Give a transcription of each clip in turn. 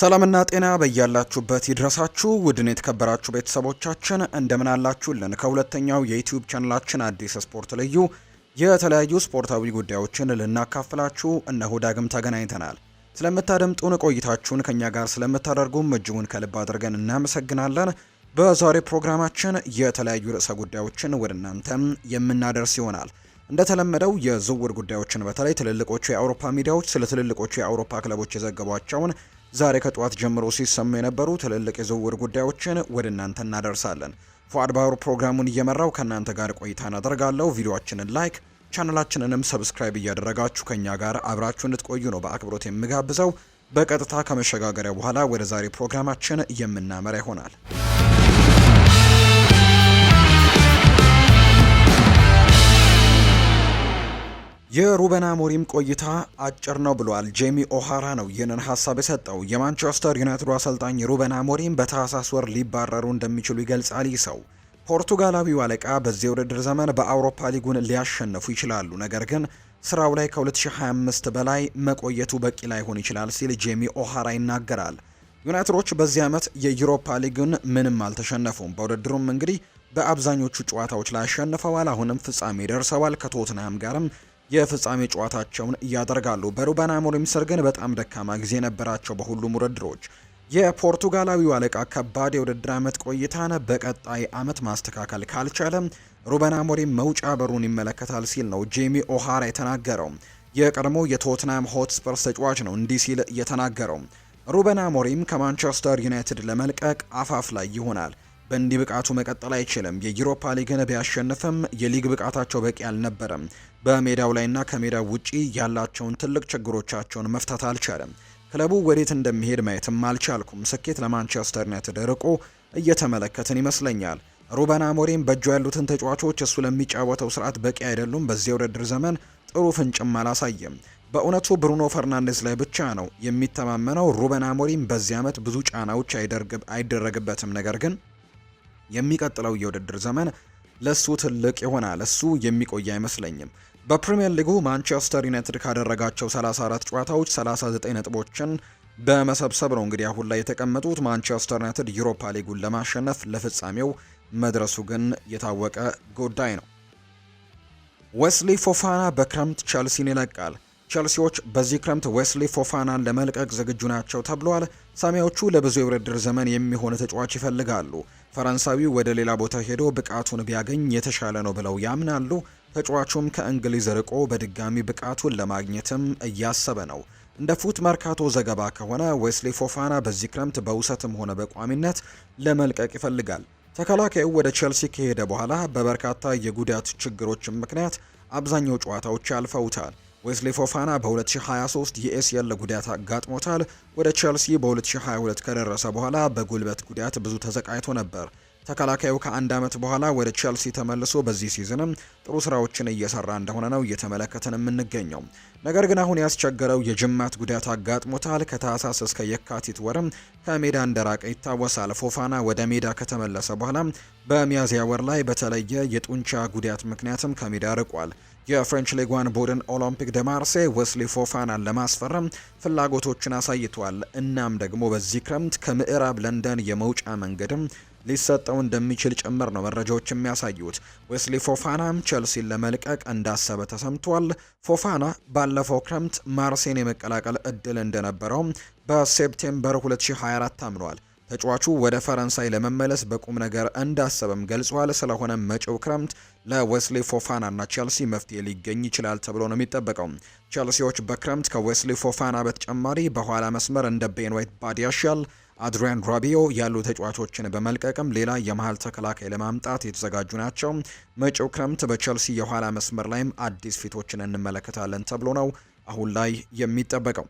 ሰላምና ጤና በያላችሁበት ይድረሳችሁ። ውድን የተከበራችሁ ቤተሰቦቻችን እንደምን አላችሁልን? ከሁለተኛው የዩትዩብ ቻናላችን አዲስ ስፖርት ልዩ የተለያዩ ስፖርታዊ ጉዳዮችን ልናካፍላችሁ እነሆ ዳግም ተገናኝተናል። ስለምታደምጡን ቆይታችሁን ከእኛ ጋር ስለምታደርጉም እጅጉን ከልብ አድርገን እናመሰግናለን። በዛሬ ፕሮግራማችን የተለያዩ ርዕሰ ጉዳዮችን ወደ እናንተም የምናደርስ ይሆናል። እንደተለመደው የዝውውር ጉዳዮችን በተለይ ትልልቆቹ የአውሮፓ ሚዲያዎች ስለ ትልልቆቹ የአውሮፓ ክለቦች የዘገቧቸውን ዛሬ ከጠዋት ጀምሮ ሲሰሙ የነበሩ ትልልቅ የዝውውር ጉዳዮችን ወደ እናንተ እናደርሳለን። ፏድ ባህሩ ፕሮግራሙን እየመራው ከእናንተ ጋር ቆይታን አደርጋለሁ። ቪዲዮችንን ላይክ ቻናላችንንም ሰብስክራይብ እያደረጋችሁ ከኛ ጋር አብራችሁ እንድትቆዩ ነው በአክብሮት የምጋብዘው። በቀጥታ ከመሸጋገሪያ በኋላ ወደ ዛሬ ፕሮግራማችን የምናመራ ይሆናል። የሩበን አሞሪም ቆይታ አጭር ነው ብሏል። ጄሚ ኦሃራ ነው ይህንን ሀሳብ የሰጠው። የማንቸስተር ዩናይትዱ አሰልጣኝ ሩበን አሞሪም በታህሳስ ወር ሊባረሩ እንደሚችሉ ይገልጻል። ይህ ሰው ፖርቱጋላዊው አለቃ በዚህ ውድድር ዘመን በአውሮፓ ሊጉን ሊያሸንፉ ይችላሉ፣ ነገር ግን ስራው ላይ ከ2025 በላይ መቆየቱ በቂ ላይሆን ይችላል ሲል ጄሚ ኦሃራ ይናገራል። ዩናይትዶች በዚህ ዓመት የዩሮፓ ሊግን ምንም አልተሸነፉም። በውድድሩም እንግዲህ በአብዛኞቹ ጨዋታዎች ላይ አሸንፈዋል። አሁንም ፍጻሜ ደርሰዋል። ከቶትንሃም ጋርም የፍጻሜ ጨዋታቸውን ያደርጋሉ። በሩበን አሞሪም ስር ግን በጣም ደካማ ጊዜ ነበራቸው በሁሉም ውድድሮች። የፖርቱጋላዊው አለቃ ከባድ የውድድር ዓመት ቆይታን በቀጣይ ዓመት ማስተካከል ካልቻለም ሩበን አሞሪም መውጫ በሩን ይመለከታል ሲል ነው ጄሚ ኦሃራ የተናገረው። የቀድሞ የቶትናም ሆትስፐርስ ተጫዋች ነው እንዲህ ሲል የተናገረው ሩበን አሞሪም ከማንቸስተር ዩናይትድ ለመልቀቅ አፋፍ ላይ ይሆናል በእንዲህ ብቃቱ መቀጠል አይችልም። የዩሮፓ ሊግን ቢያሸንፍም የሊግ ብቃታቸው በቂ አልነበረም። በሜዳው ላይና ከሜዳው ውጪ ያላቸውን ትልቅ ችግሮቻቸውን መፍታት አልቻለም። ክለቡ ወዴት እንደሚሄድ ማየትም አልቻልኩም። ስኬት ለማንቸስተር ዩናይትድ ርቆ እየተመለከትን ይመስለኛል። ሩበን አሞሪም በእጁ ያሉትን ተጫዋቾች እሱ ለሚጫወተው ስርዓት በቂ አይደሉም። በዚህ ውድድር ዘመን ጥሩ ፍንጭም አላሳየም። በእውነቱ ብሩኖ ፈርናንዴዝ ላይ ብቻ ነው የሚተማመነው። ሩበን አሞሪም በዚህ ዓመት ብዙ ጫናዎች አይደረግበትም ነገር ግን የሚቀጥለው የውድድር ዘመን ለሱ ትልቅ ይሆናል። እሱ የሚቆይ አይመስለኝም። በፕሪምየር ሊጉ ማንቸስተር ዩናይትድ ካደረጋቸው 34 ጨዋታዎች 39 ነጥቦችን በመሰብሰብ ነው እንግዲህ አሁን ላይ የተቀመጡት። ማንቸስተር ዩናይትድ ዩሮፓ ሊጉን ለማሸነፍ ለፍጻሜው መድረሱ ግን የታወቀ ጉዳይ ነው። ወስሊ ፎፋና በክረምት ቸልሲን ይለቃል። ቸልሲዎች በዚህ ክረምት ዌስሊ ፎፋናን ለመልቀቅ ዝግጁ ናቸው ተብሏል። ሰማያዊዎቹ ለብዙ የውድድር ዘመን የሚሆን ተጫዋች ይፈልጋሉ። ፈረንሳዊው ወደ ሌላ ቦታ ሄዶ ብቃቱን ቢያገኝ የተሻለ ነው ብለው ያምናሉ። ተጫዋቹም ከእንግሊዝ ርቆ በድጋሚ ብቃቱን ለማግኘትም እያሰበ ነው። እንደ ፉት መርካቶ ዘገባ ከሆነ ዌስሊ ፎፋና በዚህ ክረምት በውሰትም ሆነ በቋሚነት ለመልቀቅ ይፈልጋል። ተከላካዩ ወደ ቼልሲ ከሄደ በኋላ በበርካታ የጉዳት ችግሮች ምክንያት አብዛኛው ጨዋታዎች ያልፈውታል። ዌስሊ ፎፋና በ2023 የኤሲኤል ጉዳት አጋጥሞታል። ወደ ቼልሲ በ2022 ከደረሰ በኋላ በጉልበት ጉዳት ብዙ ተዘቃይቶ ነበር። ተከላካዩ ከአንድ ዓመት በኋላ ወደ ቼልሲ ተመልሶ በዚህ ሲዝንም ጥሩ ስራዎችን እየሰራ እንደሆነ ነው እየተመለከተን የምንገኘው። ነገር ግን አሁን ያስቸገረው የጅማት ጉዳት አጋጥሞታል። ከታህሳስ እስከ የካቲት ወርም ከሜዳ እንደራቀ ይታወሳል። ፎፋና ወደ ሜዳ ከተመለሰ በኋላ በሚያዝያ ወር ላይ በተለየ የጡንቻ ጉዳት ምክንያትም ከሜዳ ርቋል። የፍሬንች ሊጓን ቡድን ኦሎምፒክ ደ ማርሴ ወስሊ ፎፋናን ለማስፈረም ፍላጎቶችን አሳይቷል። እናም ደግሞ በዚህ ክረምት ከምዕራብ ለንደን የመውጫ መንገድም ሊሰጠው እንደሚችል ጭምር ነው መረጃዎች የሚያሳዩት። ዌስሊ ፎፋናም ቸልሲን ለመልቀቅ እንዳሰበ ተሰምቷል። ፎፋና ባለፈው ክረምት ማርሴን የመቀላቀል እድል እንደነበረው በሴፕቴምበር 2024 ታምኗል። ተጫዋቹ ወደ ፈረንሳይ ለመመለስ በቁም ነገር እንዳሰበም ገልጿል። ስለሆነ መጪው ክረምት ለዌስሊ ፎፋናና ቸልሲ መፍትሄ ሊገኝ ይችላል ተብሎ ነው የሚጠበቀው። ቸልሲዎች በክረምት ከዌስሊ ፎፋና በተጨማሪ በኋላ መስመር እንደ ቤን ዋይት ባዲያሻል አድሪያን ራቢዮ ያሉ ተጫዋቾችን በመልቀቅም ሌላ የመሀል ተከላካይ ለማምጣት የተዘጋጁ ናቸው። መጪው ክረምት በቸልሲ የኋላ መስመር ላይም አዲስ ፊቶችን እንመለከታለን ተብሎ ነው አሁን ላይ የሚጠበቀው።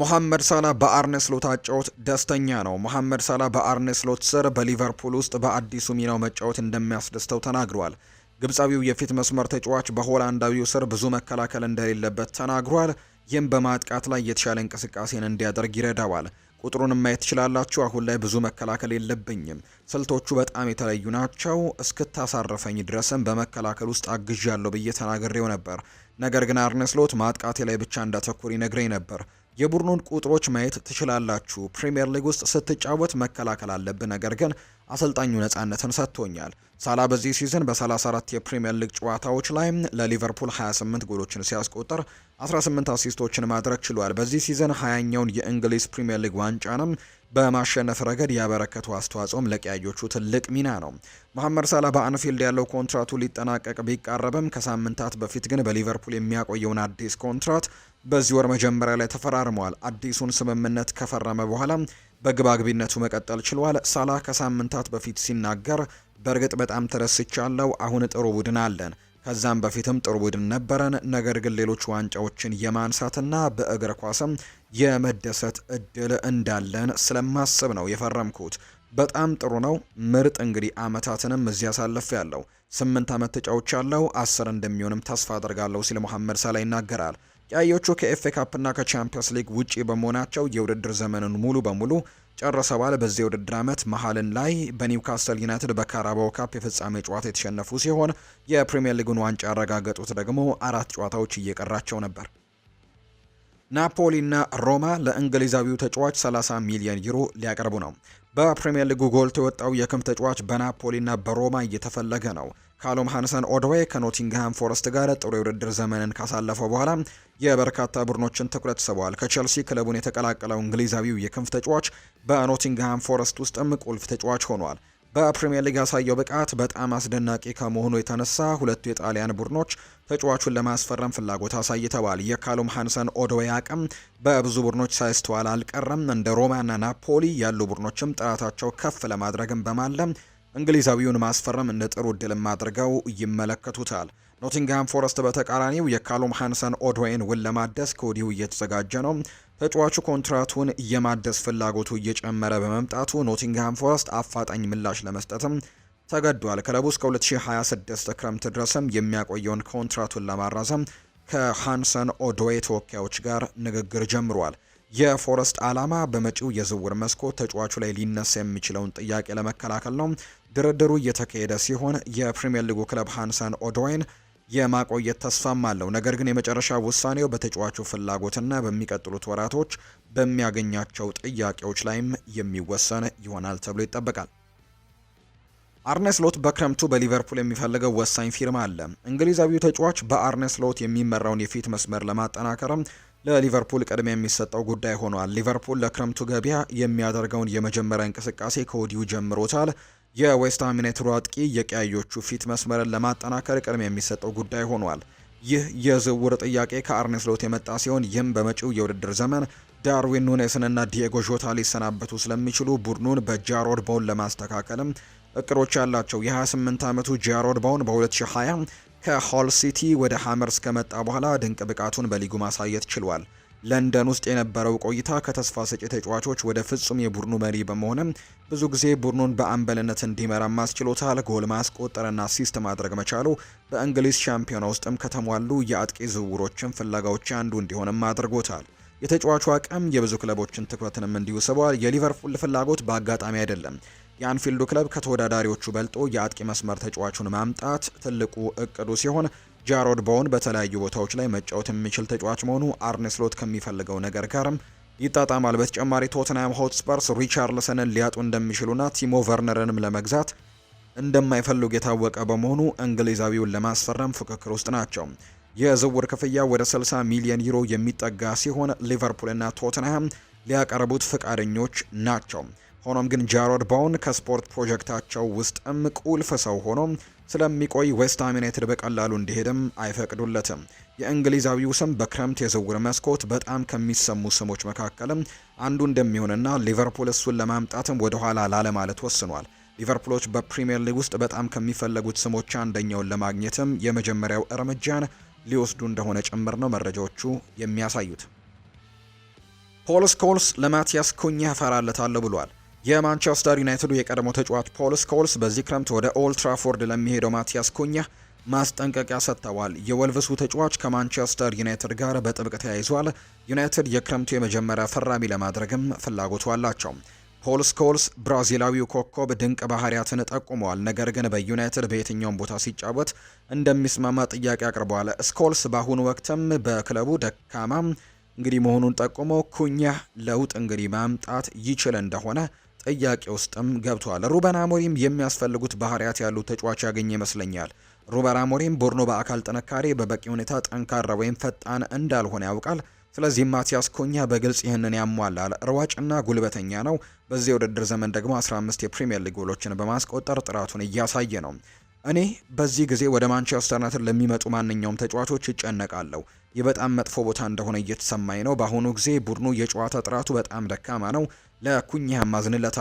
ሞሐመድ ሳላ በአርነስሎት ስሎት አጫወት ደስተኛ ነው። ሞሐመድ ሳላ በአርነ ስር በሊቨርፑል ውስጥ በአዲሱ ሚናው መጫወት እንደሚያስደስተው ተናግሯል። ግብፃዊው የፊት መስመር ተጫዋች በሆላንዳዊው ስር ብዙ መከላከል እንደሌለበት ተናግሯል። ይህም በማጥቃት ላይ የተሻለ እንቅስቃሴን እንዲያደርግ ይረዳዋል። ቁጥሩንም ማየት ትችላላችሁ። አሁን ላይ ብዙ መከላከል የለብኝም። ስልቶቹ በጣም የተለዩ ናቸው። እስክታሳረፈኝ ድረስም በመከላከል ውስጥ አግዣለሁ ብዬ ተናግሬው ነበር። ነገር ግን አርነስሎት ማጥቃቴ ላይ ብቻ እንዳተኩር ይነግረኝ ነበር። የቡድኑን ቁጥሮች ማየት ትችላላችሁ። ፕሪምየር ሊግ ውስጥ ስትጫወት መከላከል አለብን ነገር ግን አሰልጣኙ ነጻነትን ሰጥቶኛል። ሳላ በዚህ ሲዝን በ34 የፕሪምየር ሊግ ጨዋታዎች ላይ ለሊቨርፑል 28 ጎሎችን ሲያስቆጥር 18 አሲስቶችን ማድረግ ችሏል። በዚህ ሲዝን 20ኛውን የእንግሊዝ ፕሪምየር ሊግ ዋንጫንም በማሸነፍ ረገድ ያበረከቱ አስተዋጽኦም ለቀያዮቹ ትልቅ ሚና ነው። መሐመድ ሳላ በአንፊልድ ያለው ኮንትራቱ ሊጠናቀቅ ቢቃረብም ከሳምንታት በፊት ግን በሊቨርፑል የሚያቆየውን አዲስ ኮንትራት በዚህ ወር መጀመሪያ ላይ ተፈራርመዋል። አዲሱን ስምምነት ከፈረመ በኋላ በግባግቢነቱ መቀጠል ችሏል። ሳላ ከሳምንታት በፊት ሲናገር በእርግጥ በጣም ተደስቻለሁ። አሁን ጥሩ ቡድን አለን። ከዛም በፊትም ጥሩ ቡድን ነበረን። ነገር ግን ሌሎች ዋንጫዎችን የማንሳትና በእግር ኳስም የመደሰት እድል እንዳለን ስለማስብ ነው የፈረምኩት። በጣም ጥሩ ነው። ምርጥ እንግዲህ አመታትንም እዚህ አሳልፍ ያለው ስምንት አመት ተጫዎች ያለው አስር እንደሚሆንም ተስፋ አድርጋለሁ ሲል መሐመድ ሳላ ይናገራል። ቀያዮቹ ከኤፍኤ ካፕና ከቻምፒየንስ ሊግ ውጪ በመሆናቸው የውድድር ዘመኑን ሙሉ በሙሉ ጨርሰዋል። በዚህ የውድድር ዓመት መሀልን ላይ በኒውካስል ዩናይትድ በካራባው ካፕ የፍጻሜ ጨዋታ የተሸነፉ ሲሆን የፕሪምየር ሊጉን ዋንጫ ያረጋገጡት ደግሞ አራት ጨዋታዎች እየቀራቸው ነበር። ናፖሊና ሮማ ለእንግሊዛዊው ተጫዋች 30 ሚሊዮን ዩሮ ሊያቀርቡ ነው። በፕሪምየር ሊጉ ጎልቶ የወጣው የክም ተጫዋች በናፖሊና በሮማ እየተፈለገ ነው። ካሎም ሃንሰን ኦድዌ ከኖቲንግሃም ፎረስት ጋር ጥሩ የውድድር ዘመንን ካሳለፈው በኋላ የበርካታ ቡድኖችን ትኩረት ስበዋል። ከቸልሲ ክለቡን የተቀላቀለው እንግሊዛዊው የክንፍ ተጫዋች በኖቲንግሃም ፎረስት ውስጥም ቁልፍ ተጫዋች ሆኗል። በፕሪምየር ሊግ ያሳየው ብቃት በጣም አስደናቂ ከመሆኑ የተነሳ ሁለቱ የጣሊያን ቡድኖች ተጫዋቹን ለማስፈረም ፍላጎት አሳይተዋል። የካሉም ሃንሰን ኦድዌ አቅም በብዙ ቡድኖች ሳይስተዋል አልቀረም። እንደ ሮማና ናፖሊ ያሉ ቡድኖችም ጥራታቸው ከፍ ለማድረግም በማለም እንግሊዛዊውን ማስፈረም እንደ ጥሩ እድልም አድርገው ይመለከቱታል። ኖቲንግሃም ፎረስት በተቃራኒው የካሎም ሃንሰን ኦድዌይን ውል ለማደስ ከወዲሁ እየተዘጋጀ ነው። ተጫዋቹ ኮንትራቱን የማደስ ፍላጎቱ እየጨመረ በመምጣቱ ኖቲንግሃም ፎረስት አፋጣኝ ምላሽ ለመስጠትም ተገዷል። ክለቡ እስከ 2026 ክረምት ድረስም የሚያቆየውን ኮንትራቱን ለማራዘም ከሃንሰን ኦዶዌ ተወካዮች ጋር ንግግር ጀምሯል። የፎረስት ዓላማ በመጪው የዝውውር መስኮት ተጫዋቹ ላይ ሊነሳ የሚችለውን ጥያቄ ለመከላከል ነው። ድርድሩ እየተካሄደ ሲሆን የፕሪምየር ሊጉ ክለብ ሃንሰን ኦዶይን የማቆየት ተስፋም አለው። ነገር ግን የመጨረሻ ውሳኔው በተጫዋቹ ፍላጎትና በሚቀጥሉት ወራቶች በሚያገኛቸው ጥያቄዎች ላይም የሚወሰን ይሆናል ተብሎ ይጠበቃል። ሎት በክረምቱ በሊቨርፑል የሚፈልገው ወሳኝ ፊርማ አለ። እንግሊዛዊው ተጫዋች ሎት የሚመራውን የፊት መስመር ለማጠናከርም ለሊቨርፑል ቅድሚያ የሚሰጠው ጉዳይ ሆኗል። ሊቨርፑል ለክረምቱ ገበያ የሚያደርገውን የመጀመሪያ እንቅስቃሴ ከወዲሁ ጀምሮታል። የዌስትሃም ዩናይትድ አጥቂ የቀያዮቹ ፊት መስመርን ለማጠናከር ቅድሚያ የሚሰጠው ጉዳይ ሆኗል። ይህ የዝውውር ጥያቄ ከአርኔ ስሎት የመጣ ሲሆን ይህም በመጪው የውድድር ዘመን ዳርዊን ኑኔስንና ዲየጎ ዦታ ሊሰናበቱ ስለሚችሉ ቡድኑን በጃሮድ ቦውን ለማስተካከልም እቅዶች ያላቸው የ28 ዓመቱ ጃሮድ ቦውን በ2020 ከሆል ሲቲ ወደ ሃመርስ ከመጣ በኋላ ድንቅ ብቃቱን በሊጉ ማሳየት ችሏል። ለንደን ውስጥ የነበረው ቆይታ ከተስፋ ሰጪ ተጫዋቾች ወደ ፍጹም የቡድኑ መሪ በመሆንም ብዙ ጊዜ ቡድኑን በአምበልነት እንዲመራ ማስችሎታል ጎል ማስቆጠርና አሲስት ማድረግ መቻሉ በእንግሊዝ ሻምፒዮና ውስጥም ከተሟሉ የአጥቂ ዝውውሮችን ፍለጋዎች አንዱ እንዲሆንም አድርጎታል። የተጫዋቹ አቅም የብዙ ክለቦችን ትኩረትንም እንዲሁ ስቧል። የሊቨርፑል ፍላጎት በአጋጣሚ አይደለም። የአንፊልዱ ክለብ ከተወዳዳሪዎቹ በልጦ የአጥቂ መስመር ተጫዋቹን ማምጣት ትልቁ እቅዱ ሲሆን ጃሮድ ቦወን በተለያዩ ቦታዎች ላይ መጫወት የሚችል ተጫዋች መሆኑ አርነ ከሚፈልገው ነገር ጋርም ይጣጣማል። በተጨማሪ ቶትንሃም ሆትስፐርስ ሪቻርልሰንን ሊያጡ እንደሚችሉና ቲሞ ቨርነርንም ለመግዛት እንደማይፈልጉ የታወቀ በመሆኑ እንግሊዛዊውን ለማስፈረም ፉክክር ውስጥ ናቸው። የዝውውር ክፍያ ወደ 60 ሚሊዮን ዩሮ የሚጠጋ ሲሆን ሊቨርፑልና ቶትንሃም ሊያቀርቡት ፈቃደኞች ናቸው። ሆኖም ግን ጃሮድ ባውን ከስፖርት ፕሮጀክታቸው ውስጥም ቁልፍ ሰው ሆኖም ስለሚቆይ ዌስትሃም ዩናይትድ በቀላሉ እንዲሄድም አይፈቅዱለትም። የእንግሊዛዊው ስም በክረምት የዝውውር መስኮት በጣም ከሚሰሙ ስሞች መካከልም አንዱ እንደሚሆንና ሊቨርፑል እሱን ለማምጣትም ወደኋላ ላለማለት ወስኗል። ሊቨርፑሎች በፕሪምየር ሊግ ውስጥ በጣም ከሚፈለጉት ስሞች አንደኛውን ለማግኘትም የመጀመሪያው እርምጃን ሊወስዱ እንደሆነ ጭምር ነው መረጃዎቹ የሚያሳዩት። ፖል ስኮልስ ለማቲያስ ኩኛ እፈራለታለሁ ብሏል። የማንቸስተር ዩናይትዱ የቀድሞ ተጫዋች ፖል ስኮልስ በዚህ ክረምት ወደ ኦልትራፎርድ ትራፎርድ ለሚሄደው ማቲያስ ኩኛ ማስጠንቀቂያ ሰጥተዋል። የወልቭሱ ተጫዋች ከማንቸስተር ዩናይትድ ጋር በጥብቅ ተያይዟል። ዩናይትድ የክረምቱ የመጀመሪያ ፈራሚ ለማድረግም ፍላጎቱ አላቸው። ፖል ስኮልስ ብራዚላዊው ኮከብ ድንቅ ባህሪያትን ጠቁመዋል፣ ነገር ግን በዩናይትድ በየትኛውም ቦታ ሲጫወት እንደሚስማማ ጥያቄ አቅርበዋል። ስኮልስ በአሁኑ ወቅትም በክለቡ ደካማ እንግዲህ መሆኑን ጠቁሞ ኩኛ ለውጥ እንግዲህ ማምጣት ይችል እንደሆነ ጥያቄ ውስጥም ገብቷል። ሩበን አሞሪም የሚያስፈልጉት ባህሪያት ያሉት ተጫዋች ያገኘ ይመስለኛል። ሩበን አሞሪም ቡድኑ በአካል ጥንካሬ በበቂ ሁኔታ ጠንካራ ወይም ፈጣን እንዳልሆነ ያውቃል። ስለዚህ ማቲያስ ኩኛ በግልጽ ይህንን ያሟላል። ሯጭና ጉልበተኛ ነው። በዚህ የውድድር ዘመን ደግሞ 15 የፕሪምየር ሊግ ጎሎችን በማስቆጠር ጥራቱን እያሳየ ነው። እኔ በዚህ ጊዜ ወደ ማንቸስተር ዩናይትድ ለሚመጡ ማንኛውም ተጫዋቾች ይጨነቃለሁ። ይህ በጣም መጥፎ ቦታ እንደሆነ እየተሰማኝ ነው። በአሁኑ ጊዜ ቡድኑ የጨዋታ ጥራቱ በጣም ደካማ ነው። ለኩኝህ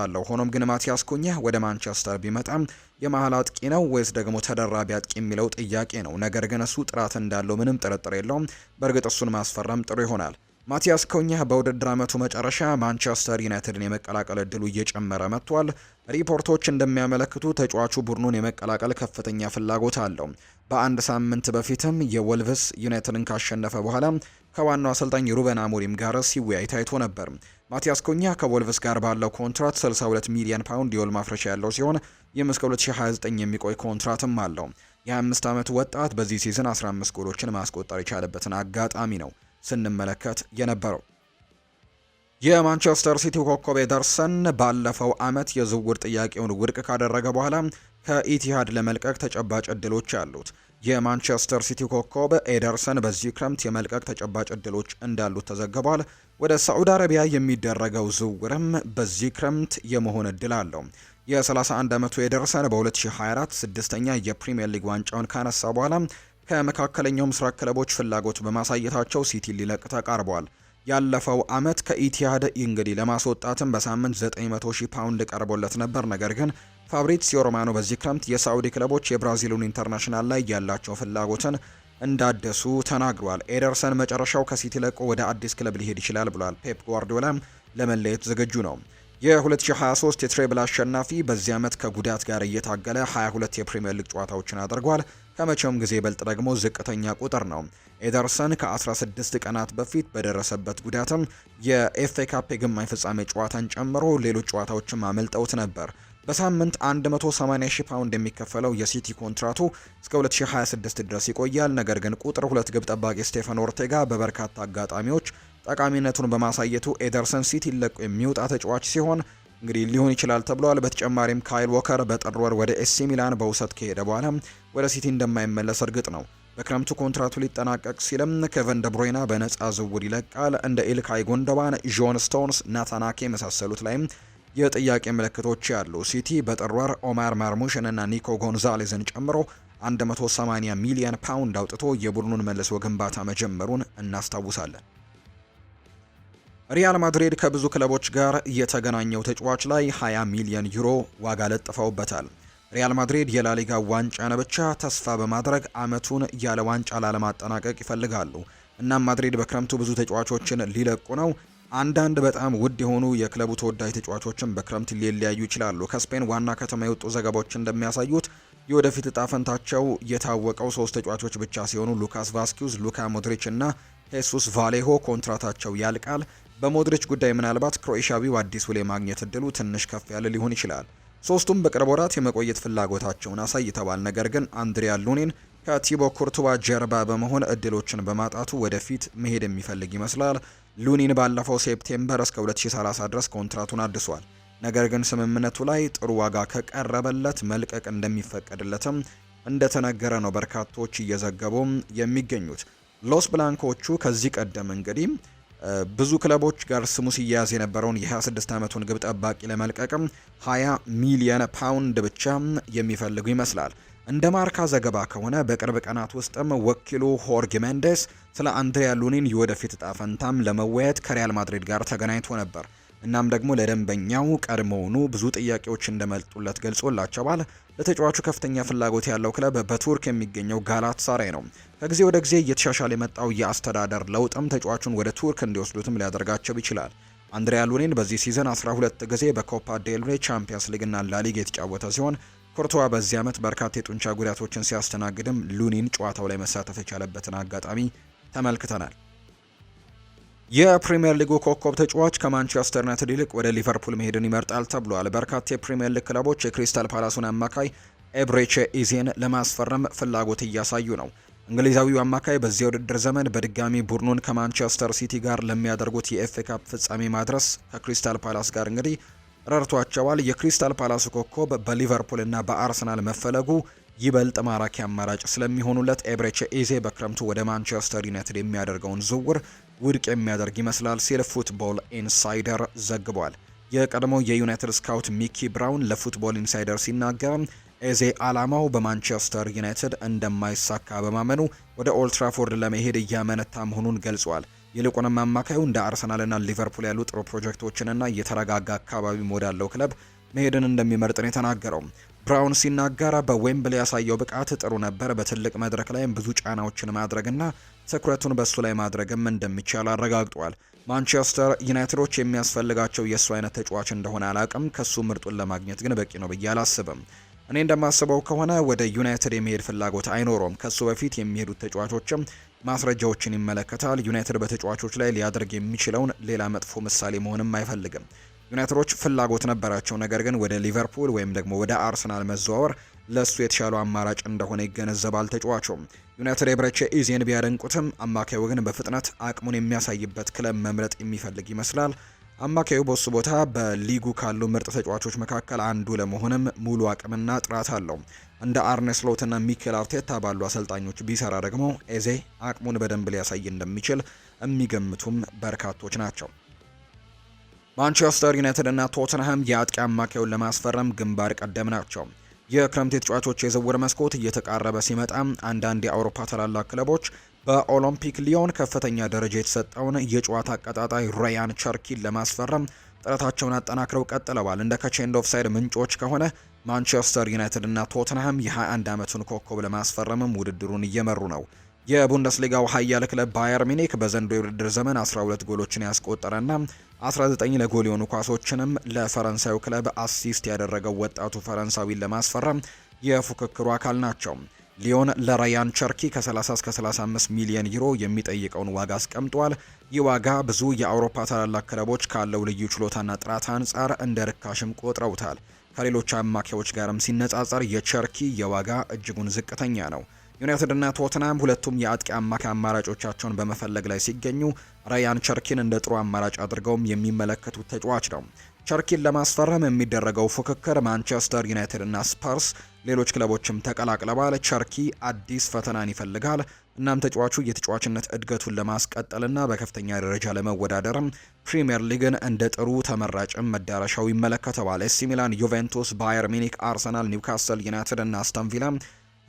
አለው ሆኖም ግን ማቲያስ ኩኝህ ወደ ማንቸስተር ቢመጣም የመሀል አጥቂ ነው ወይስ ደግሞ ተደራቢ አጥቂ የሚለው ጥያቄ ነው። ነገር ግን እሱ ጥራት እንዳለው ምንም ጥርጥር የለውም። በእርግጥ እሱን ማስፈረም ጥሩ ይሆናል። ማቲያስ ኩኝህ በውድድር ዓመቱ መጨረሻ ማንቸስተር ዩናይትድን የመቀላቀል እድሉ እየጨመረ መጥቷል። ሪፖርቶች እንደሚያመለክቱ ተጫዋቹ ቡድኑን የመቀላቀል ከፍተኛ ፍላጎት አለው። በአንድ ሳምንት በፊትም የወልቭስ ዩናይትድን ካሸነፈ በኋላ ከዋናው አሰልጣኝ ሩበን አሞሪም ጋር ሲወያይ ታይቶ ነበር። ማቲያስ ኩኛ ከወልቭስ ጋር ባለው ኮንትራት 62 ሚሊዮን ፓውንድ የውል ማፍረሻ ያለው ሲሆን ይህም እስከ 2029 የሚቆይ ኮንትራትም አለው። የ25 ዓመቱ ወጣት በዚህ ሲዝን 15 ጎሎችን ማስቆጠር የቻለበትን አጋጣሚ ነው ስንመለከት የነበረው። የማንቸስተር ሲቲ ኮከብ ኤደርሰን ባለፈው አመት የዝውውር ጥያቄውን ውድቅ ካደረገ በኋላ ከኢቲሃድ ለመልቀቅ ተጨባጭ እድሎች አሉት። የማንቸስተር ሲቲ ኮከብ ኤደርሰን በዚህ ክረምት የመልቀቅ ተጨባጭ እድሎች እንዳሉት ተዘግቧል። ወደ ሳዑዲ አረቢያ የሚደረገው ዝውውርም በዚህ ክረምት የመሆን እድል አለው። የ31 ዓመቱ ኤደርሰን በ2024 ስድስተኛ የፕሪምየር ሊግ ዋንጫውን ካነሳ በኋላ ከመካከለኛው ምስራቅ ክለቦች ፍላጎት በማሳየታቸው ሲቲ ሊለቅ ተቃርቧል። ያለፈው አመት ከኢቲያድ እንግዲህ ለማስወጣትም በሳምንት 900 ሺህ ፓውንድ ቀርቦለት ነበር። ነገር ግን ፋብሪዚዮ ሮማኖ በዚህ ክረምት የሳዑዲ ክለቦች የብራዚሉን ኢንተርናሽናል ላይ ያላቸው ፍላጎትን እንዳደሱ ተናግሯል። ኤደርሰን መጨረሻው ከሲቲ ለቆ ወደ አዲስ ክለብ ሊሄድ ይችላል ብሏል። ፔፕ ጓርዲዮላ ለመለየት ዝግጁ ነው። የ2023 የትሬብል አሸናፊ በዚህ ዓመት ከጉዳት ጋር እየታገለ 22 የፕሪምየር ሊግ ጨዋታዎችን አድርጓል። ከመቼውም ጊዜ ይበልጥ ደግሞ ዝቅተኛ ቁጥር ነው። ኤደርሰን ከ16 ቀናት በፊት በደረሰበት ጉዳትም የኤፍኤ ካፕ የግማሽ ፍጻሜ ጨዋታን ጨምሮ ሌሎች ጨዋታዎችም አመልጠውት ነበር። በሳምንት 180 ሺህ ፓውንድ የሚከፈለው የሲቲ ኮንትራቱ እስከ 2026 ድረስ ይቆያል። ነገር ግን ቁጥር ሁለት ግብ ጠባቂ ስቴፈን ኦርቴጋ በበርካታ አጋጣሚዎች ጠቃሚነቱን በማሳየቱ ኤደርሰን ሲቲ ለቆ የሚወጣ ተጫዋች ሲሆን እንግዲህ ሊሆን ይችላል ተብለዋል። በተጨማሪም ካይል ዎከር በጥር ወር ወደ ኤሲ ሚላን በውሰት ከሄደ በኋላ ወደ ሲቲ እንደማይመለስ እርግጥ ነው። በክረምቱ ኮንትራቱ ሊጠናቀቅ ሲልም ከቨን ደብሮይና በነፃ ዝውውር ይለቃል። እንደ ኢልካይ ጎንደባን፣ ጆን ስቶንስ፣ ናታናኬ የመሳሰሉት ላይም የጥያቄ ምልክቶች ያሉ ሲቲ በጥር ወር ኦማር ማርሙሽን እና ኒኮ ጎንዛሌዝን ጨምሮ 180 ሚሊዮን ፓውንድ አውጥቶ የቡድኑን መልሶ ግንባታ መጀመሩን እናስታውሳለን። ሪያል ማድሪድ ከብዙ ክለቦች ጋር የተገናኘው ተጫዋች ላይ 20 ሚሊዮን ዩሮ ዋጋ ለጥፈውበታል። ሪያል ማድሪድ የላሊጋ ዋንጫን ብቻ ተስፋ በማድረግ አመቱን ያለ ዋንጫ ላለማጠናቀቅ ይፈልጋሉ። እናም ማድሪድ በክረምቱ ብዙ ተጫዋቾችን ሊለቁ ነው። አንዳንድ በጣም ውድ የሆኑ የክለቡ ተወዳጅ ተጫዋቾችን በክረምት ሊለያዩ ይችላሉ። ከስፔን ዋና ከተማ የወጡ ዘገባዎች እንደሚያሳዩት የወደፊት እጣ ፈንታቸው የታወቀው ሶስት ተጫዋቾች ብቻ ሲሆኑ ሉካስ ቫስኪዩዝ፣ ሉካ ሞድሪች እና ሄሱስ ቫሌሆ ኮንትራታቸው ያልቃል። በሞድሪች ጉዳይ ምናልባት ክሮኤሽያዊው አዲስ ውል የማግኘት እድሉ ትንሽ ከፍ ያለ ሊሆን ይችላል። ሶስቱም በቅርብ ወራት የመቆየት ፍላጎታቸውን አሳይተዋል። ነገር ግን አንድሪያ ሉኒን ከቲቦ ኩርቱባ ጀርባ በመሆን እድሎችን በማጣቱ ወደፊት መሄድ የሚፈልግ ይመስላል። ሉኒን ባለፈው ሴፕቴምበር እስከ 2030 ድረስ ኮንትራቱን አድሷል። ነገር ግን ስምምነቱ ላይ ጥሩ ዋጋ ከቀረበለት መልቀቅ እንደሚፈቀድለትም እንደተነገረ ነው በርካቶች እየዘገቡ የሚገኙት። ሎስ ብላንኮቹ ከዚህ ቀደም እንግዲህ ብዙ ክለቦች ጋር ስሙ ሲያያዝ የነበረውን የ26 ዓመቱን ግብ ጠባቂ ለመልቀቅም 20 ሚሊየን ፓውንድ ብቻ የሚፈልጉ ይመስላል። እንደ ማርካ ዘገባ ከሆነ በቅርብ ቀናት ውስጥም ወኪሉ ሆርጌ ሜንዴስ ስለ አንድሪያ ሉኒን የወደፊት እጣ ፈንታም ለመወያየት ከሪያል ማድሪድ ጋር ተገናኝቶ ነበር። እናም ደግሞ ለደንበኛው ቀድሞውኑ ብዙ ጥያቄዎች እንደመጡለት ገልጾላቸዋል። ለተጫዋቹ ከፍተኛ ፍላጎት ያለው ክለብ በቱርክ የሚገኘው ጋላት ሳራይ ነው። ከጊዜ ወደ ጊዜ እየተሻሻለ የመጣው የአስተዳደር ለውጥም ተጫዋቹን ወደ ቱርክ እንዲወስዱትም ሊያደርጋቸው ይችላል። አንድሪያ ሉኒን በዚህ ሲዘን 12 ጊዜ በኮፓ ዴልሬ ቻምፒየንስ ሊግና ላሊግ የተጫወተ ሲሆን ኮርቶዋ በዚህ ዓመት በርካታ የጡንቻ ጉዳቶችን ሲያስተናግድም ሉኒን ጨዋታው ላይ መሳተፍ የቻለበትን አጋጣሚ ተመልክተናል። የፕሪምየር ሊጉ ኮከብ ተጫዋች ከማንቸስተር ዩናይትድ ይልቅ ወደ ሊቨርፑል መሄድን ይመርጣል ተብሏል። በርካታ የፕሪምየር ሊግ ክለቦች የክሪስታል ፓላሱን አማካይ ኤብሬቼ ኢዜን ለማስፈረም ፍላጎት እያሳዩ ነው። እንግሊዛዊው አማካይ በዚያ ውድድር ዘመን በድጋሚ ቡድኑን ከማንቸስተር ሲቲ ጋር ለሚያደርጉት የኤፍኤ ካፕ ፍጻሜ ማድረስ ከክሪስታል ፓላስ ጋር እንግዲህ ረድቷቸዋል። የክሪስታል ፓላሱ ኮከብ እና በአርሰናል መፈለጉ ይበልጥ ማራኪ አማራጭ ስለሚሆኑለት ኤብሬቼ ኢዜ በክረምቱ ወደ ማንቸስተር ዩናይትድ የሚያደርገውን ዝውውር ውድቅ የሚያደርግ ይመስላል ሲል ፉትቦል ኢንሳይደር ዘግቧል። የቀድሞው የዩናይትድ ስካውት ሚኪ ብራውን ለፉትቦል ኢንሳይደር ሲናገር ኤዜ አላማው በማንቸስተር ዩናይትድ እንደማይሳካ በማመኑ ወደ ኦልትራፎርድ ለመሄድ እያመነታ መሆኑን ገልጿል። ይልቁንም አማካዩ እንደ አርሰናልና ሊቨርፑል ያሉ ጥሩ ፕሮጀክቶችንና እየተረጋጋ አካባቢ ወዳለው ክለብ መሄድን እንደሚመርጥ ነው የተናገረው። ብራውን ሲናገር በዌምብል ያሳየው ብቃት ጥሩ ነበር። በትልቅ መድረክ ላይም ብዙ ጫናዎችን ማድረግና ትኩረቱን በእሱ ላይ ማድረግም እንደሚቻል አረጋግጧል። ማንቸስተር ዩናይትዶች የሚያስፈልጋቸው የእሱ አይነት ተጫዋች እንደሆነ አላቅም። ከሱ ምርጡን ለማግኘት ግን በቂ ነው ብዬ አላስብም። እኔ እንደማስበው ከሆነ ወደ ዩናይትድ የሚሄድ ፍላጎት አይኖረውም። ከሱ በፊት የሚሄዱት ተጫዋቾችም ማስረጃዎችን ይመለከታል። ዩናይትድ በተጫዋቾች ላይ ሊያደርግ የሚችለውን ሌላ መጥፎ ምሳሌ መሆንም አይፈልግም። ዩናይትዶች ፍላጎት ነበራቸው፣ ነገር ግን ወደ ሊቨርፑል ወይም ደግሞ ወደ አርሰናል መዘዋወር ለእሱ የተሻለው አማራጭ እንደሆነ ይገነዘባል ተጫዋቹም። ዩናይትድ የብረቼ ኢዜን ቢያደንቁትም አማካዩ ግን በፍጥነት አቅሙን የሚያሳይበት ክለብ መምረጥ የሚፈልግ ይመስላል። አማካዩ በሱ ቦታ በሊጉ ካሉ ምርጥ ተጫዋቾች መካከል አንዱ ለመሆንም ሙሉ አቅምና ጥራት አለው። እንደ አርነ ስሎትና ሚኬል አርቴታ ባሉ አሰልጣኞች ቢሰራ ደግሞ ኤዜ አቅሙን በደንብ ሊያሳይ እንደሚችል የሚገምቱም በርካቶች ናቸው። ማንቸስተር ዩናይትድ እና ቶተንሃም የአጥቂ አማካዩን ለማስፈረም ግንባር ቀደም ናቸው። የክረምት ተጫዋቾች የዝውውር መስኮት እየተቃረበ ሲመጣ አንዳንድ የአውሮፓ ታላላቅ ክለቦች በኦሎምፒክ ሊዮን ከፍተኛ ደረጃ የተሰጠውን የጨዋታ አቀጣጣይ ራያን ቸርኪን ለማስፈረም ጥረታቸውን አጠናክረው ቀጥለዋል። እንደ ከቼንድ ሳይድ ምንጮች ከሆነ ማንቸስተር ዩናይትድ እና ቶትንሃም የ21 ዓመቱን ኮከብ ለማስፈረምም ውድድሩን እየመሩ ነው። የቡንደስሊጋው ኃያል ክለብ ባየር ሚኒክ በዘንድሮው የውድድር ዘመን 12 ጎሎችን ያስቆጠረና 19 ለጎል የሆኑ ኳሶችንም ለፈረንሳዩ ክለብ አሲስት ያደረገው ወጣቱ ፈረንሳዊን ለማስፈረም የፉክክሩ አካል ናቸው። ሊዮን ለራያን ቸርኪ ከ30 እስከ 35 ሚሊዮን ዩሮ የሚጠይቀውን ዋጋ አስቀምጧል። ይህ ዋጋ ብዙ የአውሮፓ ታላላቅ ክለቦች ካለው ልዩ ችሎታና ጥራት አንጻር እንደ ርካሽም ቆጥረውታል። ከሌሎች አማካዮች ጋርም ሲነጻጸር የቸርኪ የዋጋ እጅጉን ዝቅተኛ ነው። እና ቶትናም ሁለቱም የአጥቂ አማካይ አማራጮቻቸውን በመፈለግ ላይ ሲገኙ ራያን ቸርኪን እንደ ጥሩ አማራጭ አድርገውም የሚመለከቱት ተጫዋች ነው። ቸርኪን ለማስፈረም የሚደረገው ፉክክር ማንቸስተር ዩናይትድ እና ስፐርስ ሌሎች ክለቦችም ተቀላቅለዋል። ቸርኪ አዲስ ፈተናን ይፈልጋል። እናም ተጫዋቹ የተጫዋችነት እድገቱን ለማስቀጠልና በከፍተኛ ደረጃ ለመወዳደርም ፕሪምየር ሊግን እንደ ጥሩ ተመራጭም መዳረሻው ይመለከተዋል። ኤሲ ሚላን፣ ዩቬንቱስ፣ ባየር ሚኒክ፣ አርሰናል፣ ኒውካስል ዩናይትድ እና አስተንቪላ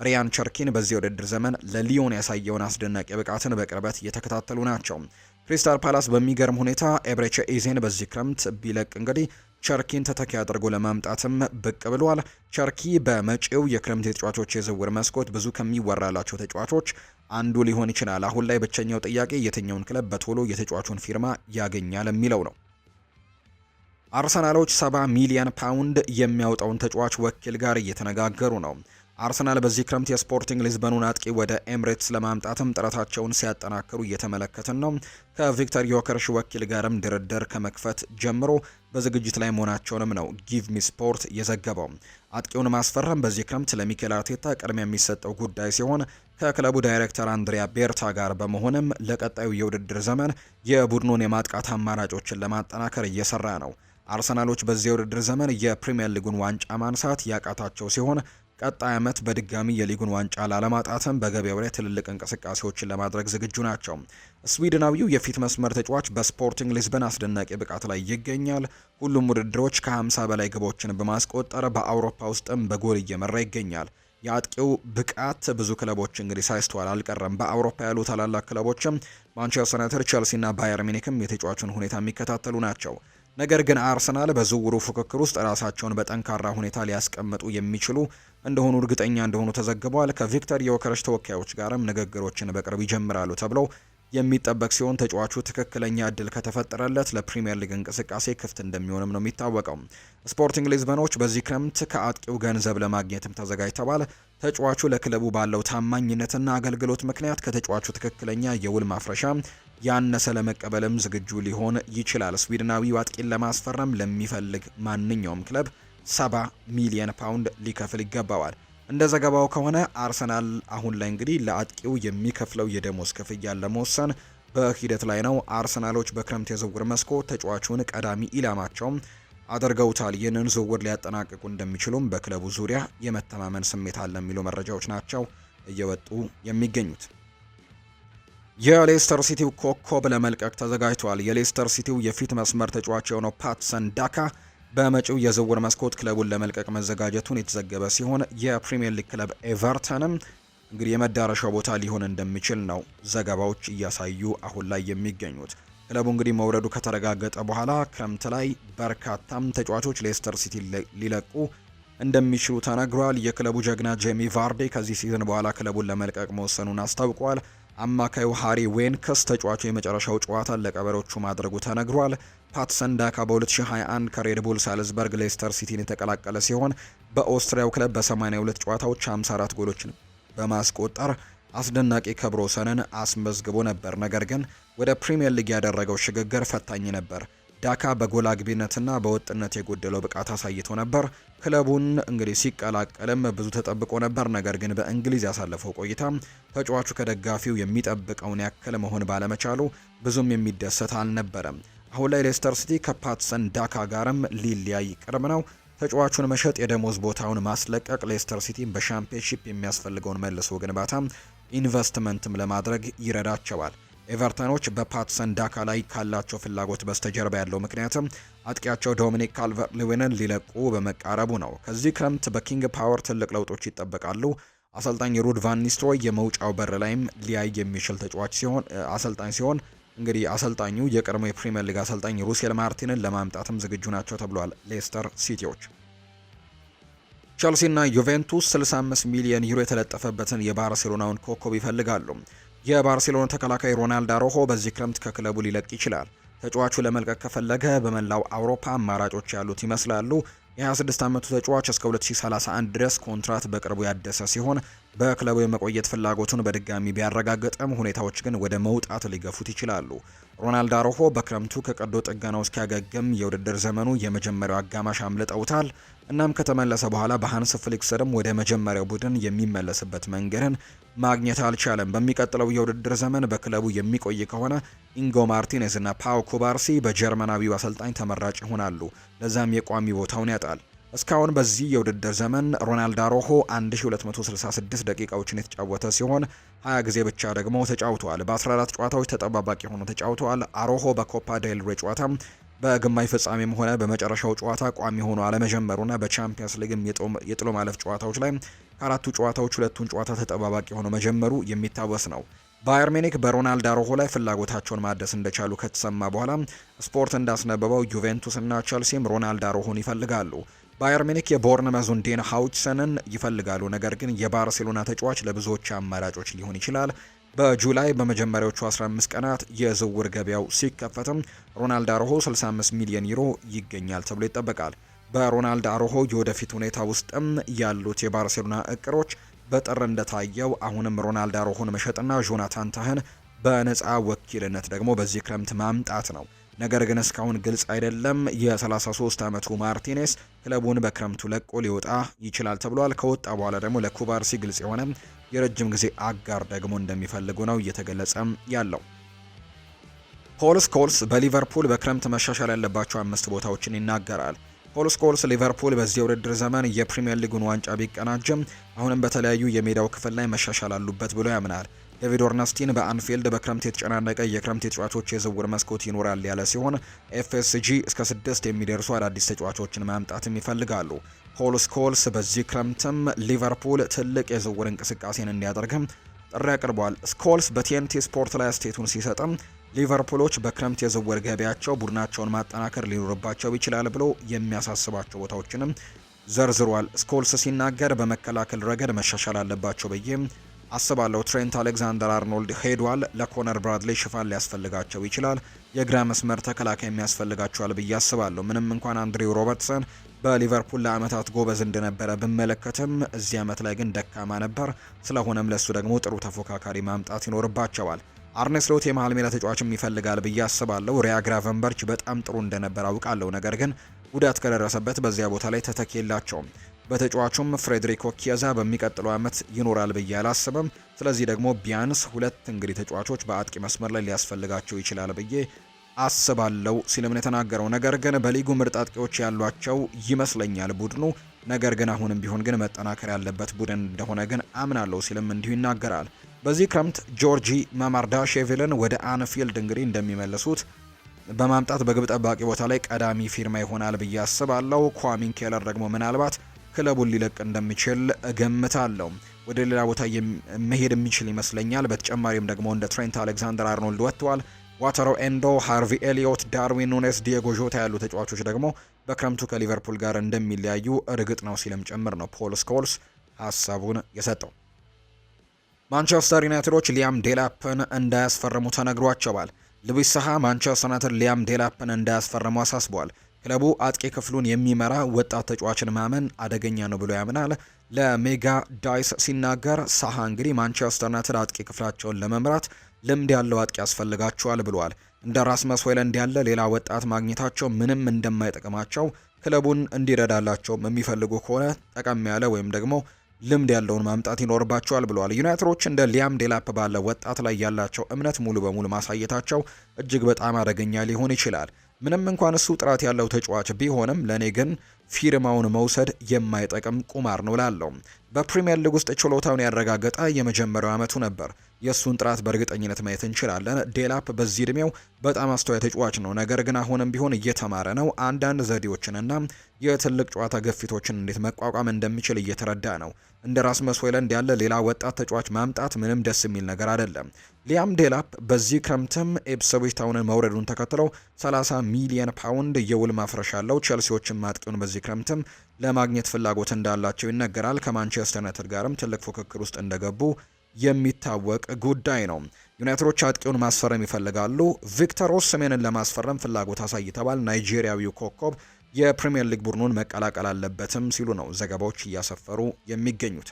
ሪያን ቸርኪን በዚህ ውድድር ዘመን ለሊዮን ያሳየውን አስደናቂ ብቃትን በቅርበት እየተከታተሉ ናቸው። ክሪስታል ፓላስ በሚገርም ሁኔታ ኤብሬቼ ኢዜን በዚህ ክረምት ቢለቅ እንግዲህ ቸርኪን ተተኪ አድርጎ ለማምጣትም ብቅ ብሏል። ቸርኪ በመጪው የክረምት የተጫዋቾች የዝውውር መስኮት ብዙ ከሚወራላቸው ተጫዋቾች አንዱ ሊሆን ይችላል። አሁን ላይ ብቸኛው ጥያቄ የትኛውን ክለብ በቶሎ የተጫዋቹን ፊርማ ያገኛል የሚለው ነው። አርሰናሎች 70 ሚሊዮን ፓውንድ የሚያወጣውን ተጫዋች ወኪል ጋር እየተነጋገሩ ነው። አርሰናል በዚህ ክረምት የስፖርቲንግ ሊዝበኑን አጥቂ ወደ ኤምሬትስ ለማምጣትም ጥረታቸውን ሲያጠናክሩ እየተመለከትን ነው። ከቪክተር ዮከርሽ ወኪል ጋርም ድርድር ከመክፈት ጀምሮ በዝግጅት ላይ መሆናቸውንም ነው ጊቭ ሚ ስፖርት የዘገበው። አጥቂውን ማስፈረም በዚህ ክረምት ለሚኬል አርቴታ ቅድሚያ የሚሰጠው ጉዳይ ሲሆን ከክለቡ ዳይሬክተር አንድሪያ ቤርታ ጋር በመሆንም ለቀጣዩ የውድድር ዘመን የቡድኑን የማጥቃት አማራጮችን ለማጠናከር እየሰራ ነው። አርሰናሎች በዚህ የውድድር ዘመን የፕሪምየር ሊጉን ዋንጫ ማንሳት ያቃታቸው ሲሆን ቀጣይ ዓመት በድጋሚ የሊጉን ዋንጫ ላለማጣትም በገበያው ላይ ትልልቅ እንቅስቃሴዎችን ለማድረግ ዝግጁ ናቸው። ስዊድናዊው የፊት መስመር ተጫዋች በስፖርቲንግ ሊዝበን አስደናቂ ብቃት ላይ ይገኛል። ሁሉም ውድድሮች ከ50 በላይ ግቦችን በማስቆጠር በአውሮፓ ውስጥም በጎል እየመራ ይገኛል። የአጥቂው ብቃት ብዙ ክለቦች እንግዲህ ሳይስተዋል አልቀረም። በአውሮፓ ያሉ ታላላቅ ክለቦችም ማንቸስተር ዩናይትድ፣ እና ባየር ሚኒክም የተጫዋቹን ሁኔታ የሚከታተሉ ናቸው። ነገር ግን አርሰናል በዝውውሩ ፉክክር ውስጥ ራሳቸውን በጠንካራ ሁኔታ ሊያስቀምጡ የሚችሉ እንደሆኑ እርግጠኛ እንደሆኑ ተዘግቧል። ከቪክተር የወከረሽ ተወካዮች ጋርም ንግግሮችን በቅርብ ይጀምራሉ ተብሎ የሚጠበቅ ሲሆን ተጫዋቹ ትክክለኛ እድል ከተፈጠረለት ለፕሪምየር ሊግ እንቅስቃሴ ክፍት እንደሚሆንም ነው የሚታወቀው። ስፖርቲንግ ሊዝበኖች በዚህ ክረምት ከአጥቂው ገንዘብ ለማግኘትም ተዘጋጅተዋል። ተጫዋቹ ለክለቡ ባለው ታማኝነትና አገልግሎት ምክንያት ከተጫዋቹ ትክክለኛ የውል ማፍረሻ ያነሰ ለመቀበልም ዝግጁ ሊሆን ይችላል። ስዊድናዊ አጥቂን ለማስፈረም ለሚፈልግ ማንኛውም ክለብ 70 ሚሊየን ፓውንድ ሊከፍል ይገባዋል። እንደ ዘገባው ከሆነ አርሰናል አሁን ላይ እንግዲህ ለአጥቂው የሚከፍለው የደሞዝ ክፍያን ለመወሰን በሂደት ላይ ነው። አርሰናሎች በክረምት የዝውውር መስኮት ተጫዋቹን ቀዳሚ ኢላማቸውም አድርገውታል። ይህንን ዝውውር ሊያጠናቅቁ እንደሚችሉም በክለቡ ዙሪያ የመተማመን ስሜት አለ የሚሉ መረጃዎች ናቸው እየወጡ የሚገኙት። የሌስተር ሲቲው ኮከብ ለመልቀቅ ተዘጋጅቷል። የሌስተር ሲቲው የፊት መስመር ተጫዋች የሆነው ፓትሰን ዳካ በመጪው የዝውውር መስኮት ክለቡን ለመልቀቅ መዘጋጀቱን የተዘገበ ሲሆን የፕሪምየር ሊግ ክለብ ኤቨርተንም እንግዲህ የመዳረሻው ቦታ ሊሆን እንደሚችል ነው ዘገባዎች እያሳዩ አሁን ላይ የሚገኙት። ክለቡ እንግዲህ መውረዱ ከተረጋገጠ በኋላ ክረምት ላይ በርካታም ተጫዋቾች ሌስተር ሲቲ ሊለቁ እንደሚችሉ ተነግሯል። የክለቡ ጀግና ጄሚ ቫርዴ ከዚህ ሲዝን በኋላ ክለቡን ለመልቀቅ መወሰኑን አስታውቋል። አማካዩ ሃሪ ዌንከስ ተጫዋቹ የመጨረሻው ጨዋታን ለቀበሮቹ ማድረጉ ተነግሯል። ፓትሰን ዳካ በ2021 ከሬድቡል ሳልዝበርግ ሌስተር ሲቲን የተቀላቀለ ሲሆን በኦስትሪያው ክለብ በ82 ጨዋታዎች 54 ጎሎችን በማስቆጠር አስደናቂ ክብረ ወሰንን አስመዝግቦ ነበር። ነገር ግን ወደ ፕሪምየር ሊግ ያደረገው ሽግግር ፈታኝ ነበር። ዳካ በጎል አግቢነትና በወጥነት የጎደለው ብቃት አሳይቶ ነበር። ክለቡን እንግዲህ ሲቀላቀልም ብዙ ተጠብቆ ነበር። ነገር ግን በእንግሊዝ ያሳለፈው ቆይታ ተጫዋቹ ከደጋፊው የሚጠብቀውን ያክል መሆን ባለመቻሉ ብዙም የሚደሰት አልነበረም። አሁን ላይ ሌስተር ሲቲ ከፓትሰን ዳካ ጋርም ሊለያይ ቅርብ ነው። ተጫዋቹን መሸጥ፣ የደሞዝ ቦታውን ማስለቀቅ ሌስተር ሲቲን በሻምፒዮንሺፕ የሚያስፈልገውን መልሶ ግንባታ ኢንቨስትመንትም ለማድረግ ይረዳቸዋል። ኤቨርተኖች በፓትሰን ዳካ ላይ ካላቸው ፍላጎት በስተጀርባ ያለው ምክንያትም አጥቂያቸው ዶሚኒክ ካልቨርት ሊዊንን ሊለቁ በመቃረቡ ነው። ከዚህ ክረምት በኪንግ ፓወር ትልቅ ለውጦች ይጠበቃሉ። አሰልጣኝ ሩድ ቫን ኒስትሮይ የመውጫው በር ላይም ሊያይ የሚችል ተጫዋች ሲሆን አሰልጣኝ ሲሆን እንግዲህ አሰልጣኙ የቀድሞ የፕሪምየር ሊግ አሰልጣኝ ሩሴል ማርቲንን ለማምጣትም ዝግጁ ናቸው ተብሏል። ሌስተር ሲቲዎች፣ ቸልሲና ዩቬንቱስ 65 ሚሊዮን ዩሮ የተለጠፈበትን የባርሴሎናውን ኮከብ ይፈልጋሉ። የባርሴሎና ተከላካይ ሮናልድ አሮሆ በዚህ ክረምት ከክለቡ ሊለቅ ይችላል። ተጫዋቹ ለመልቀቅ ከፈለገ በመላው አውሮፓ አማራጮች ያሉት ይመስላሉ። የ26 ዓመቱ ተጫዋች እስከ 2031 ድረስ ኮንትራት በቅርቡ ያደሰ ሲሆን በክለቡ የመቆየት ፍላጎቱን በድጋሚ ቢያረጋግጥም ሁኔታዎች ግን ወደ መውጣት ሊገፉት ይችላሉ። ሮናልድ አሮሆ በክረምቱ ከቀዶ ጥገናው እስኪያገግም የውድድር ዘመኑ የመጀመሪያው አጋማሽ አምልጠውታል። እናም ከተመለሰ በኋላ በሃንስ ፍሊክ ስርም ወደ መጀመሪያው ቡድን የሚመለስበት መንገድን ማግኘት አልቻለም። በሚቀጥለው የውድድር ዘመን በክለቡ የሚቆይ ከሆነ ኢንጎ ማርቲኔዝ እና ፓው ኩባርሲ በጀርመናዊው አሰልጣኝ ተመራጭ ይሆናሉ። ለዛም የቋሚ ቦታውን ያጣል። እስካሁን በዚህ የውድድር ዘመን ሮናልድ አሮሆ 1266 ደቂቃዎችን የተጫወተ ሲሆን 20 ጊዜ ብቻ ደግሞ ተጫውተዋል። በ14 ጨዋታዎች ተጠባባቂ ሆኖ ተጫውተዋል። አሮሆ በኮፓ ዴል ሬ ጨዋታ በግማሽ ፍጻሜም ሆነ በመጨረሻው ጨዋታ ቋሚ ሆኖ አለመጀመሩና በቻምፒየንስ ሊግም የጥሎ ማለፍ ጨዋታዎች ላይ ከአራቱ ጨዋታዎች ሁለቱን ጨዋታ ተጠባባቂ ሆኖ መጀመሩ የሚታወስ ነው። ባየር ሚኒክ በሮናልድ አሮሆ ላይ ፍላጎታቸውን ማደስ እንደቻሉ ከተሰማ በኋላ ስፖርት እንዳስነበበው ዩቬንቱስና ቸልሲም ሮናልድ አሮሆን ይፈልጋሉ። ባየር ሚኒክ መዙን ዴን ሃውችሰንን ይፈልጋሉ። ነገር ግን የባርሴሎና ተጫዋች ለብዙዎች አማራጮች ሊሆን ይችላል በጁላይ በመጀመሪያዎቹ 15 ቀናት የዝውውር ገበያው ሲከፈትም ሮናልድ አሮሆ 65 ሚሊዮን ዩሮ ይገኛል ተብሎ ይጠበቃል። በሮናልድ አሮሆ የወደፊት ሁኔታ ውስጥም ያሉት የባርሴሎና እቅሮች በጥር እንደታየው አሁንም ሮናልድ አሮሆን መሸጥና ጆናታን ታህን በነፃ ወኪልነት ደግሞ በዚህ ክረምት ማምጣት ነው። ነገር ግን እስካሁን ግልጽ አይደለም። የ33 ዓመቱ ማርቲኔስ ክለቡን በክረምቱ ለቆ ሊወጣ ይችላል ተብሏል። ከወጣ በኋላ ደግሞ ለኩባርሲ ግልጽ የሆነ የረጅም ጊዜ አጋር ደግሞ እንደሚፈልጉ ነው እየተገለጸ ያለው። ፖል ስኮልስ በሊቨርፑል በክረምት መሻሻል ያለባቸው አምስት ቦታዎችን ይናገራል። ፖል ስኮልስ ሊቨርፑል በዚህ የውድድር ዘመን የፕሪምየር ሊጉን ዋንጫ ቢቀናጅም አሁንም በተለያዩ የሜዳው ክፍል ላይ መሻሻል አሉበት ብሎ ያምናል። ዴቪድ ኦርነስቲን በአንፊልድ በክረምት የተጨናነቀ የክረምት ተጫዋቾች የዝውውር መስኮት ይኖራል ያለ ሲሆን ኤፍኤስጂ እስከ ስድስት የሚደርሱ አዳዲስ ተጫዋቾችን ማምጣትም ይፈልጋሉ። ፖል ስኮልስ በዚህ ክረምትም ሊቨርፑል ትልቅ የዝውውር እንቅስቃሴን እንዲያደርግም ጥሪ አቅርቧል። ስኮልስ በቲኤንቲ ስፖርት ላይ አስተያየቱን ሲሰጥም ሊቨርፑሎች በክረምት የዝውውር ገበያቸው ቡድናቸውን ማጠናከር ሊኖርባቸው ይችላል ብሎ የሚያሳስባቸው ቦታዎችንም ዘርዝሯል። ስኮልስ ሲናገር በመከላከል ረገድ መሻሻል አለባቸው ብዬ አስባለሁ። ትሬንት አሌክዛንደር አርኖልድ ሄዷል። ለኮነር ብራድሌ ሽፋን ሊያስፈልጋቸው ይችላል። የግራ መስመር ተከላካይ የሚያስፈልጋቸዋል ብዬ አስባለሁ። ምንም እንኳን አንድሪው ሮበርትሰን በሊቨርፑል ለአመታት ጎበዝ እንደነበረ ብመለከትም እዚህ አመት ላይ ግን ደካማ ነበር። ስለሆነም ለሱ ደግሞ ጥሩ ተፎካካሪ ማምጣት ይኖርባቸዋል። አርኔስ ስሎት የመሀል ሜዳ ተጫዋችም ይፈልጋል ብዬ አስባለሁ። ሪያ ግራቨንበርች በጣም ጥሩ እንደነበር አውቃለሁ፣ ነገር ግን ጉዳት ከደረሰበት በዚያ ቦታ ላይ ተተኪ የላቸውም። በተጫዋቹም ፍሬድሪኮ ኪያዛ በሚቀጥለው ዓመት ይኖራል ብዬ አላስብም። ስለዚህ ደግሞ ቢያንስ ሁለት እንግዲህ ተጫዋቾች በአጥቂ መስመር ላይ ሊያስፈልጋቸው ይችላል ብዬ አስባለው ሲልም የተናገረው። ነገር ግን በሊጉ ምርጥ አጥቂዎች ያሏቸው ይመስለኛል ቡድኑ። ነገር ግን አሁንም ቢሆን ግን መጠናከር ያለበት ቡድን እንደሆነ ግን አምናለው ሲልም እንዲሁ ይናገራል። በዚህ ክረምት ጆርጂ ሼቪልን ወደ አንፊልድ እንግዲህ እንደሚመልሱት በማምጣት በግብ ጠባቂ ቦታ ላይ ቀዳሚ ፊርማ ይሆናል ብዬ አስባለው። ኳሚን ኬለር ደግሞ ምናልባት ክለቡን ሊለቅ እንደሚችል እገምታለሁ። ወደ ሌላ ቦታ መሄድ የሚችል ይመስለኛል። በተጨማሪም ደግሞ እንደ ትሬንት አሌክዛንደር አርኖልድ ወጥተዋል። ዋተሮ ኤንዶ፣ ሃርቪ ኤሊዮት፣ ዳርዊን ኑኔስ፣ ዲየጎ ዦታ ያሉ ተጫዋቾች ደግሞ በክረምቱ ከሊቨርፑል ጋር እንደሚለያዩ እርግጥ ነው ሲልም ጭምር ነው ፖል ስኮልስ ሀሳቡን የሰጠው። ማንቸስተር ዩናይትዶች ሊያም ዴላፕን እንዳያስፈርሙ ተነግሯቸዋል። ልዊስ ሳሃ ማንቸስተር ዩናይትድ ሊያም ዴላፕን እንዳያስፈርሙ አሳስቧል። ክለቡ አጥቂ ክፍሉን የሚመራ ወጣት ተጫዋችን ማመን አደገኛ ነው ብሎ ያምናል። ለሜጋ ዳይስ ሲናገር ሳሃ እንግዲህ ማንቸስተር ዩናይትድ አጥቂ ክፍላቸውን ለመምራት ልምድ ያለው አጥቂ ያስፈልጋቸዋል ብሏል። እንደ ራስመስ ሆይሉንድ ያለ ሌላ ወጣት ማግኘታቸው ምንም እንደማይጠቅማቸው ክለቡን እንዲረዳላቸው የሚፈልጉ ከሆነ ጠቀም ያለ ወይም ደግሞ ልምድ ያለውን ማምጣት ይኖርባቸዋል ብለዋል። ዩናይትዶች እንደ ሊያም ዴላፕ ባለ ወጣት ላይ ያላቸው እምነት ሙሉ በሙሉ ማሳየታቸው እጅግ በጣም አደገኛ ሊሆን ይችላል። ምንም እንኳን እሱ ጥራት ያለው ተጫዋች ቢሆንም ለእኔ ግን ፊርማውን መውሰድ የማይጠቅም ቁማር ነው ላለው። በፕሪምየር ሊግ ውስጥ ችሎታውን ያረጋገጠ የመጀመሪያው ዓመቱ ነበር። የእሱን ጥራት በእርግጠኝነት ማየት እንችላለን። ዴላፕ በዚህ እድሜው በጣም አስተዋይ ተጫዋች ነው፣ ነገር ግን አሁንም ቢሆን እየተማረ ነው። አንዳንድ ዘዴዎችንና የትልቅ ጨዋታ ግፊቶችን እንዴት መቋቋም እንደሚችል እየተረዳ ነው። እንደ ራስመስ ሆይለንድ ያለ ሌላ ወጣት ተጫዋች ማምጣት ምንም ደስ የሚል ነገር አይደለም። ሊያም ዴላፕ በዚህ ክረምትም ኢፕስዊች ታውንን መውረዱን ተከትለው 30 ሚሊየን ፓውንድ የውል ማፍረሻ አለው። ቸልሲዎችም ማጥቂውን በዚህ ክረምትም ለማግኘት ፍላጎት እንዳላቸው ይነገራል። ከማንቸስተር ዩናይትድ ጋርም ትልቅ ፉክክር ውስጥ እንደገቡ የሚታወቅ ጉዳይ ነው። ዩናይትዶች አጥቂውን ማስፈረም ይፈልጋሉ። ቪክተር ኦስሜንን ለማስፈረም ፍላጎት አሳይተዋል። ናይጄሪያዊው ኮከብ የፕሪምየር ሊግ ቡድኑን መቀላቀል አለበትም ሲሉ ነው ዘገባዎች እያሰፈሩ የሚገኙት።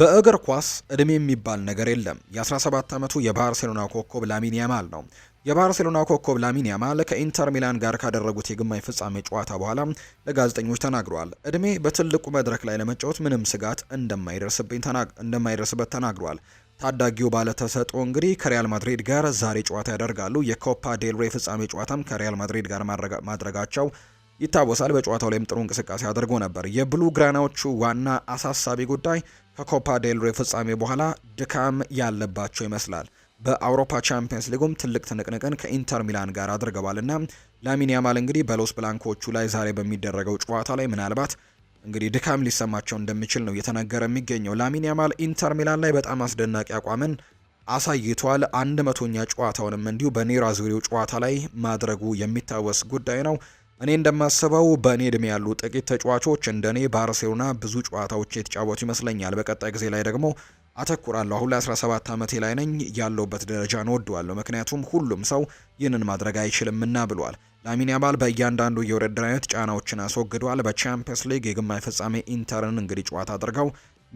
በእግር ኳስ እድሜ የሚባል ነገር የለም። የ17 ዓመቱ የባርሴሎና ኮከብ ላሚን ያማል ነው። የባርሴሎና ኮከብ ላሚን ያማል ከኢንተር ሚላን ጋር ካደረጉት የግማሽ ፍጻሜ ጨዋታ በኋላ ለጋዜጠኞች ተናግሯል። እድሜ በትልቁ መድረክ ላይ ለመጫወት ምንም ስጋት እንደማይደርስበት ተናግሯል። ታዳጊው ባለተሰጦ እንግዲህ ከሪያል ማድሪድ ጋር ዛሬ ጨዋታ ያደርጋሉ። የኮፓ ዴልሬ ፍጻሜ ጨዋታም ከሪያል ማድሪድ ጋር ማድረጋቸው ይታወሳል። በጨዋታው ላይም ጥሩ እንቅስቃሴ አድርጎ ነበር። የብሉ ግራናዎቹ ዋና አሳሳቢ ጉዳይ ከኮፓ ዴልሬ ፍጻሜ በኋላ ድካም ያለባቸው ይመስላል። በአውሮፓ ቻምፒየንስ ሊጉም ትልቅ ትንቅንቅን ከኢንተር ሚላን ጋር አድርገዋልና ላሚን ያማል እንግዲህ በሎስ ብላንኮቹ ላይ ዛሬ በሚደረገው ጨዋታ ላይ ምናልባት እንግዲህ ድካም ሊሰማቸው እንደሚችል ነው እየተነገረ የሚገኘው። ላሚን ያማል ኢንተር ሚላን ላይ በጣም አስደናቂ አቋምን አሳይቷል። አንድ መቶኛ ጨዋታውንም እንዲሁ በኔራ ዙሪው ጨዋታ ላይ ማድረጉ የሚታወስ ጉዳይ ነው። እኔ እንደማስበው በእኔ እድሜ ያሉ ጥቂት ተጫዋቾች እንደኔ ባርሴሎና ብዙ ጨዋታዎች የተጫወቱ ይመስለኛል። በቀጣይ ጊዜ ላይ ደግሞ አተኩራለሁ። አሁን ላይ 17 ዓመቴ ላይ ነኝ። ያለውበት ደረጃ ወደዋለሁ፣ ምክንያቱም ሁሉም ሰው ይህንን ማድረግ አይችልምና ብሏል። ላሚን ያማል በእያንዳንዱ የውድድር አይነት ጫናዎችን አስወግዷል። በቻምፒየንስ ሊግ የግማሽ ፍጻሜ ኢንተርን እንግዲህ ጨዋታ አድርገው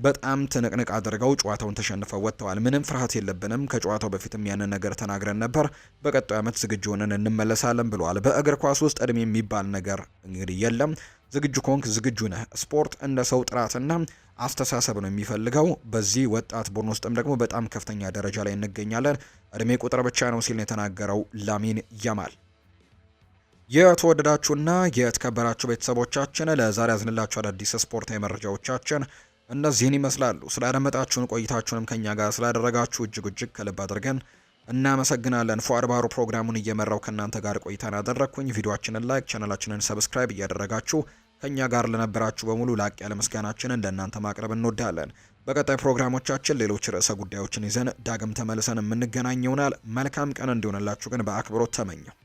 በጣም ትንቅንቅ አድርገው ጨዋታውን ተሸንፈው ወጥተዋል። ምንም ፍርሃት የለብንም። ከጨዋታው በፊትም ያንን ነገር ተናግረን ነበር። በቀጣዩ ዓመት ዝግጁ ሆነን እንመለሳለን ብለዋል። በእግር ኳስ ውስጥ እድሜ የሚባል ነገር እንግዲህ የለም። ዝግጁ ኮንክ ዝግጁ ነህ። ስፖርት እንደ ሰው ጥራትና አስተሳሰብ ነው የሚፈልገው። በዚህ ወጣት ቡድን ውስጥም ደግሞ በጣም ከፍተኛ ደረጃ ላይ እንገኛለን። እድሜ ቁጥር ብቻ ነው ሲል የተናገረው ላሚን ያማል። የተወደዳችሁና የተከበራችሁ ቤተሰቦቻችን ለዛሬ ያዝንላችሁ አዳዲስ ስፖርታዊ መረጃዎቻችን እነዚህን ይመስላሉ። ስላደመጣችሁን ቆይታችሁንም ከኛ ጋር ስላደረጋችሁ እጅግ እጅግ ከልብ አድርገን እናመሰግናለን። ፉአድ ባሩ ፕሮግራሙን እየመራው ከእናንተ ጋር ቆይታን አደረግኩኝ። ቪዲዮችንን ላይክ፣ ቻናላችንን ሰብስክራይብ እያደረጋችሁ ከእኛ ጋር ለነበራችሁ በሙሉ ላቅ ያለ ምስጋናችንን ለእናንተ ማቅረብ እንወዳለን። በቀጣይ ፕሮግራሞቻችን ሌሎች ርዕሰ ጉዳዮችን ይዘን ዳግም ተመልሰን የምንገናኝ ይሆናል። መልካም ቀን እንዲሆንላችሁ ግን በአክብሮት ተመኘው።